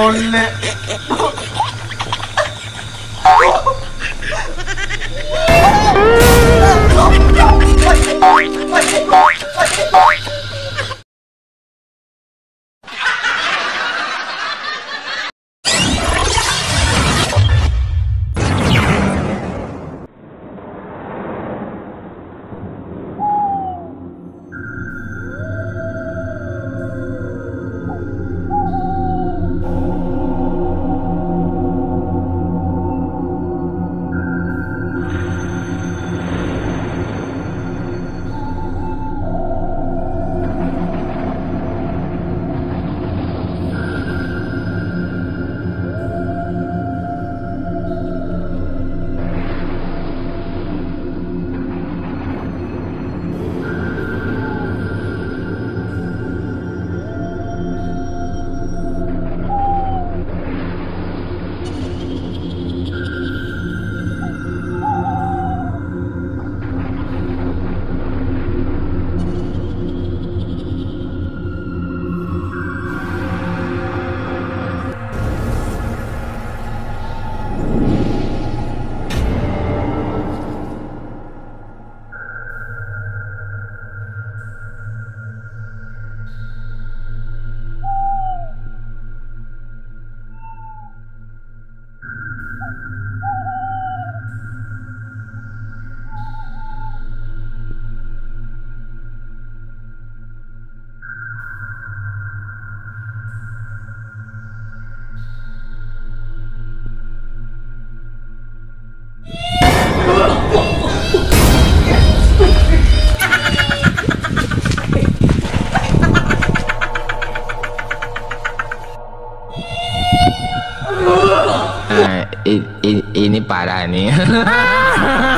on 白赖你。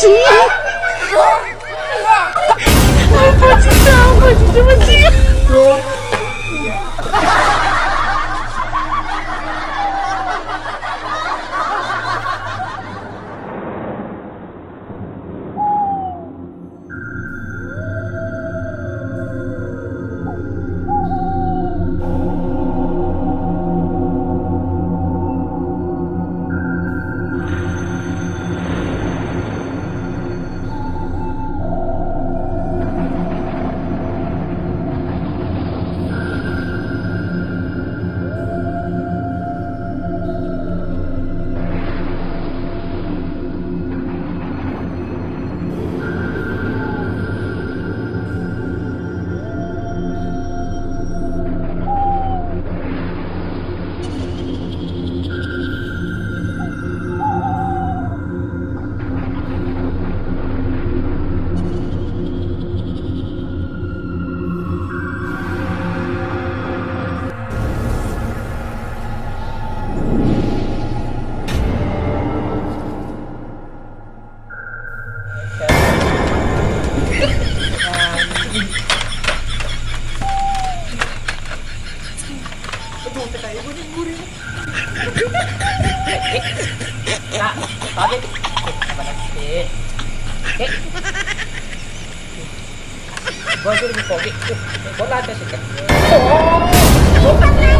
죽나? Sabi. Malaki. Eh. Bago rin yung pogi. Wala ka siya. Oh! Oh!